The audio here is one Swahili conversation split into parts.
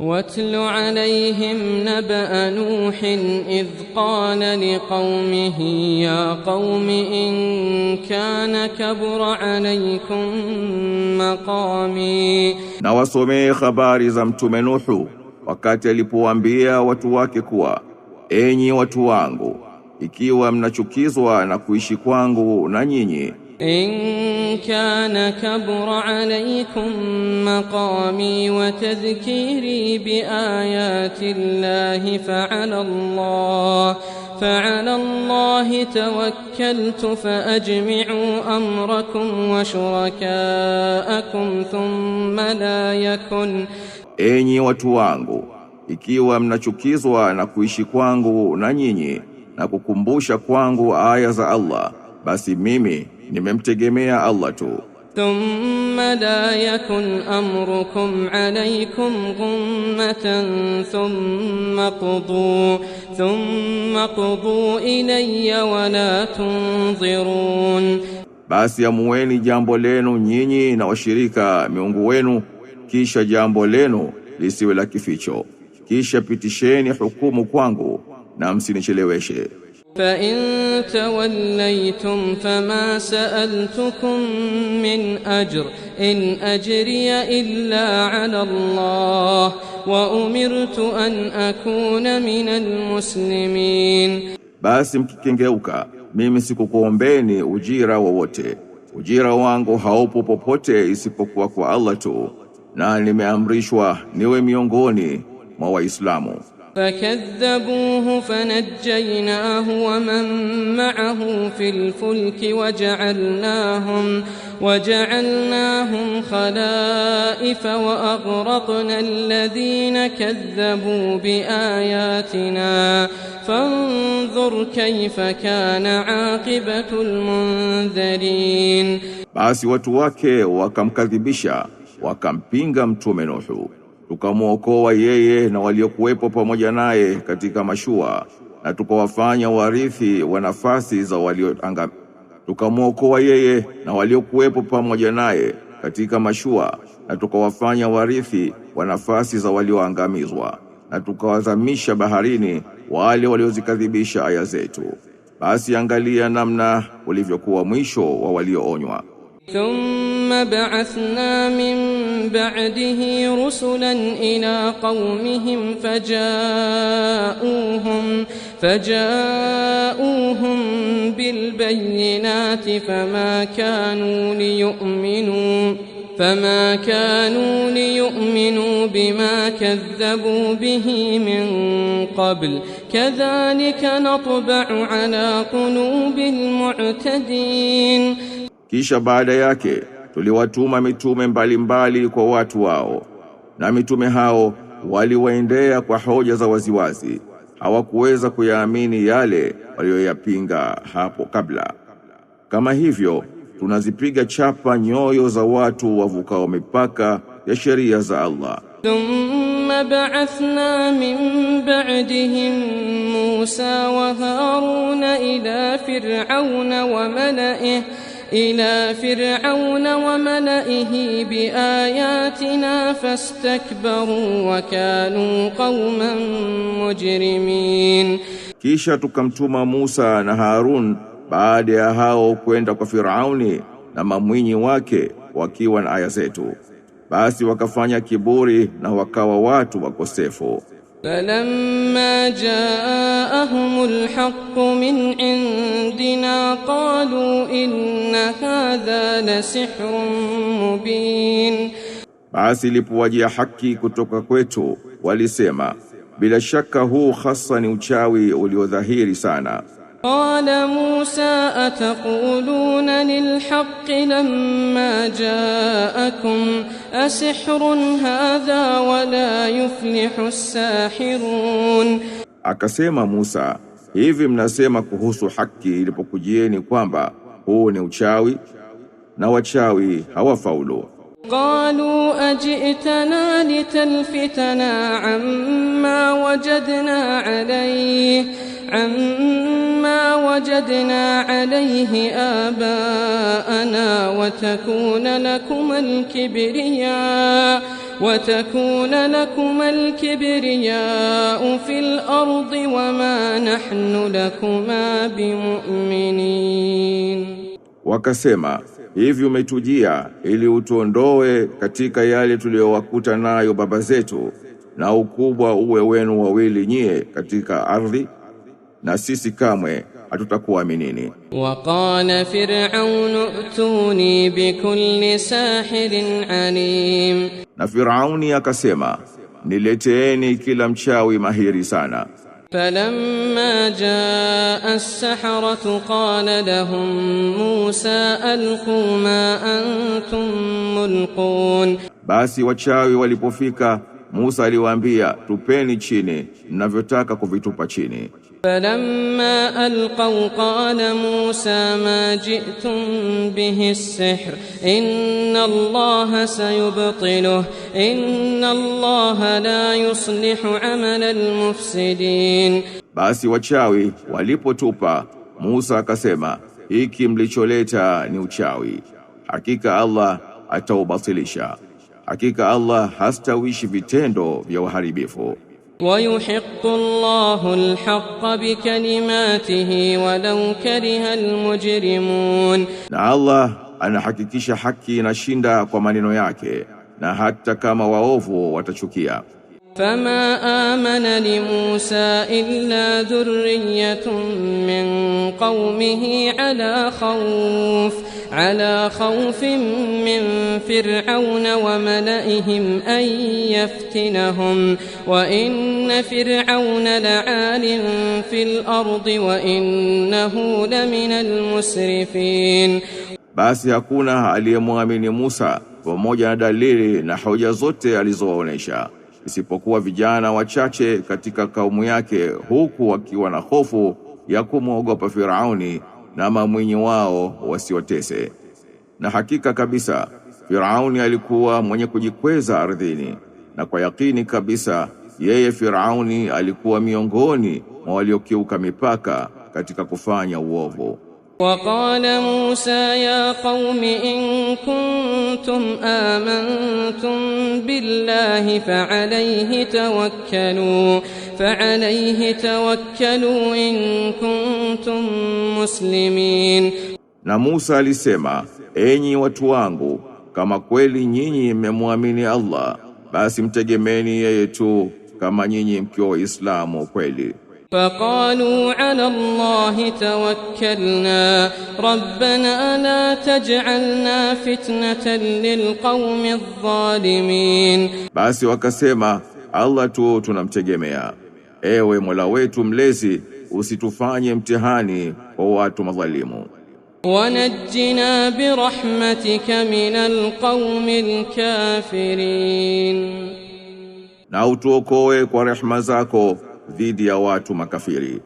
واتل عليهم نبأ نوح إذ قال لقومه يا قوم إن كان كبر عليكم مقامي na wasomee habari za mtume Nuhu wakati alipowaambia watu wake kuwa enyi watu wangu ikiwa mnachukizwa na kuishi kwangu na nyinyi إن كان كبر عليكم مقامي وتذكيري بآيات الله فعلى الله فعلى الله توكلت فأجمعوا أمركم وشركاءكم ثم لا يكن Enyi watu wangu, ikiwa mnachukizwa na kuishi kwangu na nyinyi na kukumbusha kwangu aya za Allah, basi mimi nimemtegemea Allah tu. Thumma la yakun amrukum alaykum ghummatan thumma qudu thumma qudu ilayya wa la tunzirun, basi amueni jambo lenu nyinyi na washirika miungu wenu, kisha jambo lenu lisiwe la kificho, kisha pitisheni hukumu kwangu na msinicheleweshe. فإن توليتم فما سألتكم من أجر إن أجري إلا على الله وأمرت أن أكون من المسلمين basi mkikengeuka mimi sikukuombeni ujira wowote ujira wangu haupo popote isipokuwa kwa Allah tu na nimeamrishwa niwe miongoni mwa waislamu فكذبوه فنجيناه ومن معه في الفلك وجعلناهم وجعلناهم خلائف وأغرقنا الذين كذبوا بآياتنا فانظر كيف كان عاقبة المنذرين basi watu wake wakamkadhibisha wakampinga mtume Nuhu tukamwokoa yeye na waliokuwepo pamoja naye katika mashua na tukawafanya warithi wa nafasi za walioangamia. Tukamwokoa yeye na waliokuwepo pamoja naye katika mashua na tukawafanya warithi wa nafasi za walioangamizwa na tukawazamisha baharini wale waliozikadhibisha aya zetu. Basi angalia namna ulivyokuwa mwisho wa walioonywa. ثم بعثنا من بعده رسلا إلى قومهم فجاءوهم فجاءوهم بالبينات فما كانوا ليؤمنوا فما كانوا ليؤمنوا بما كذبوا به من قبل كذلك نطبع على قلوب المعتدين Kisha baada yake tuliwatuma mitume mbalimbali mbali kwa watu wao, na mitume hao waliwaendea kwa hoja za waziwazi, hawakuweza kuyaamini yale waliyoyapinga hapo kabla. Kama hivyo tunazipiga chapa nyoyo za watu wavukao mipaka ya sheria za Allah. Thumma ba'athna min ba'dihim Musa wa Harun ila Fir'auna wa mala'ihi إلى فرعون وملئه بآياتنا فاستكبروا وكانوا قوما مجرمين Kisha tukamtuma Musa na Harun baada ya hao kwenda kwa Firauni na mamwinyi wake wakiwa na aya zetu, basi wakafanya kiburi na wakawa watu wakosefu. فلما جاءهم الحق من عندنا قالوا إن هذا لسحر مبين mubin, basi ilipowajia haki kutoka kwetu walisema bila shaka huu hasa ni uchawi uliodhahiri sana. قال موسى أتقولون للحق لما جاءكم أسحر هذا ولا يفلح الساحرون Akasema Musa, hivi mnasema kuhusu haki ilipokujieni kwamba huu ni uchawi na wachawi hawafaulu. Qalu ajitana litalfitana amma wajadna alayhi عما وجدنا عليه آباءنا وتكون لكم الكبرياء وتكون لكم الكبرياء في الأرض وما نحن لكما بمؤمنين Wakasema, hivi umetujia ili utuondoe katika yale tuliyowakuta nayo baba zetu, na ukubwa uwe wenu wawili nyie katika ardhi na sisi kamwe hatutakuaminini. Waqala Fir'aunu utuni bikulli sahirin alim, na Firauni akasema nileteeni kila mchawi mahiri sana. Falamma jaa as-saharatu qala lahum Musa alqu ma antum mulqun, basi wachawi walipofika Musa aliwaambia tupeni chini mnavyotaka kuvitupa chini. Falamma alqaw qala Musa ma ji'tum bihi as-sihr inna Allah sayubtiluh inna Allah la yuslihu amala al-mufsidin, basi wachawi walipotupa Musa akasema hiki mlicholeta ni uchawi, hakika Allah ataubatilisha. Hakika Allah hastawishi vitendo vya uharibifu. ويحق الله الحق بكلماته ولو كره almujrimun, na Allah anahakikisha haki inashinda kwa maneno yake na hata kama waovu watachukia Fama amana li Musa illa dhurriyatun min قومه ala خوف على خوف من فرعون وملئهم أن يفتنهم وإن فرعون لعال في الأرض وإنه لمن المسرفين Basi hakuna aliyemwamini Musa pamoja na dalili na hoja zote alizoonyesha isipokuwa vijana wachache katika kaumu yake huku wakiwa na hofu ya kumwogopa Firauni na mamwinyi wao wasiotese Na hakika kabisa Firauni alikuwa mwenye kujikweza ardhini, na kwa yakini kabisa yeye Firauni alikuwa miongoni mwa waliokiuka mipaka katika kufanya uovu. وقال موسى يا قوم إن كنتم آمنتم بالله فعليه توكلوا فعليه توكلوا إن كنتم مسلمين na Musa alisema enyi watu wangu kama kweli nyinyi mmemwamini Allah basi mtegemeni yeye tu kama nyinyi mkiwa waislamu kweli فقالوا على الله توكلنا ربنا لا تجعلنا fitnatan lilqaumi adh basi wakasema Allah tu tunamtegemea, ewe Mola wetu mlezi, usitufanye mtihani kwa watu madhalimu. wanajjina birahmatika minal qaumil kafirin, na utuokoe kwa rehema zako dhidi ya watu makafiri.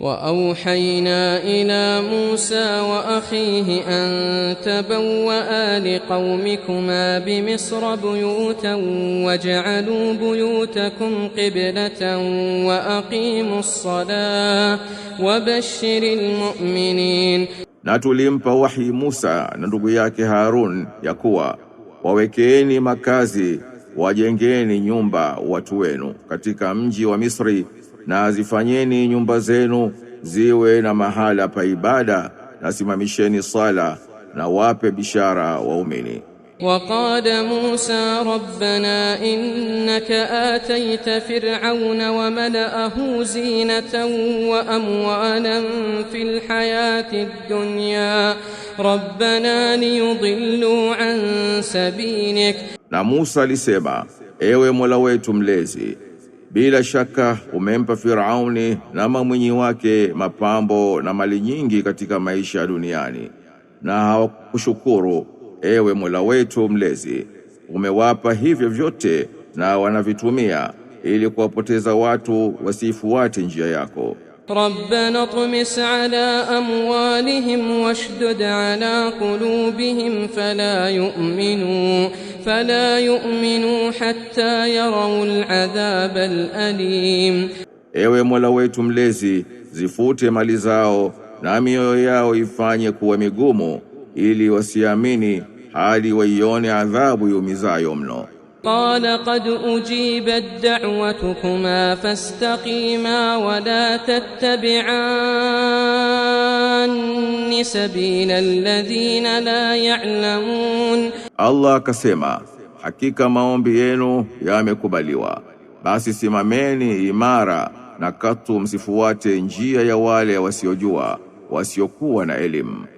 Wa auhayna ila Musa wa akhihi an tabawwa liqaumikuma bi Misra buyutan waj'alu buyutakum qiblatan wa aqimus salah wa bashshiril mu'minin, na tulimpa wahi Musa na ndugu yake Harun ya kuwa wawekeeni makazi wajengeni nyumba watu wenu katika mji wa Misri na zifanyeni nyumba zenu ziwe na mahala pa ibada na simamisheni sala na wape bishara waumini. وقال موسى ربنا إنك آتيت فرعون وملأه زينة وأموالا في الحياة الدنيا ربنا ليضلوا عن سبيلك Na Musa alisema, ewe Mola wetu mlezi, bila shaka umempa Firauni na mamwinyi wake mapambo na mali nyingi katika maisha ya duniani, na hawakushukuru. Ewe Mola wetu mlezi, umewapa hivyo vyote na wanavitumia ili kuwapoteza watu wasifuate njia yako. ربنا اطمس على أموالهم واشدد على قلوبهم فلا يؤمنوا فلا يؤمنوا حتى يروا العذاب الأليم Ewe Mola wetu mlezi zifute mali zao na mioyo yao ifanye kuwa migumu ili wasiamini hali waione adhabu yumizayo mno قال قد أجيبت دعوتكما فاستقيما ولا تتبعان sabila alladhina la ya'lamun, Allah akasema hakika maombi yenu yamekubaliwa, basi simameni imara na katu msifuate njia ya wale wasiojua wasiokuwa na elimu.